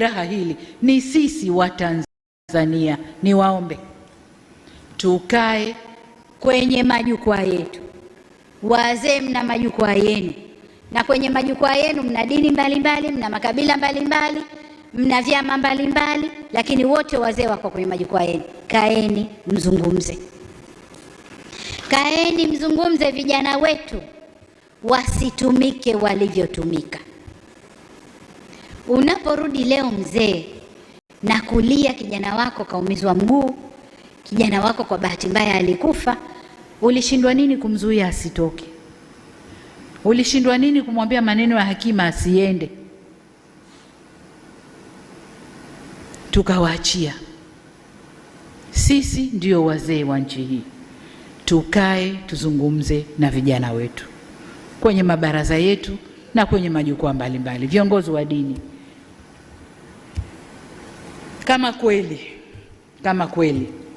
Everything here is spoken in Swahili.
Raha hili ni sisi wa Tanzania. Niwaombe tukae kwenye majukwaa yetu. Wazee, mna majukwaa yenu, na kwenye majukwaa yenu mna dini mbalimbali mbali, mna makabila mbalimbali mna vyama mbalimbali lakini wote wazee wako kwenye majukwaa yenu. Kaeni mzungumze, kaeni mzungumze, vijana wetu wasitumike walivyotumika. Unaporudi leo mzee na kulia, kijana wako kaumizwa mguu, kijana wako kwa bahati mbaya alikufa, ulishindwa nini kumzuia asitoke? Ulishindwa nini kumwambia maneno ya Hakima asiende? Tukawaachia. Sisi ndio wazee wa nchi hii, tukae tuzungumze na vijana wetu kwenye mabaraza yetu na kwenye majukwaa mbalimbali, viongozi wa dini kama kweli kama kweli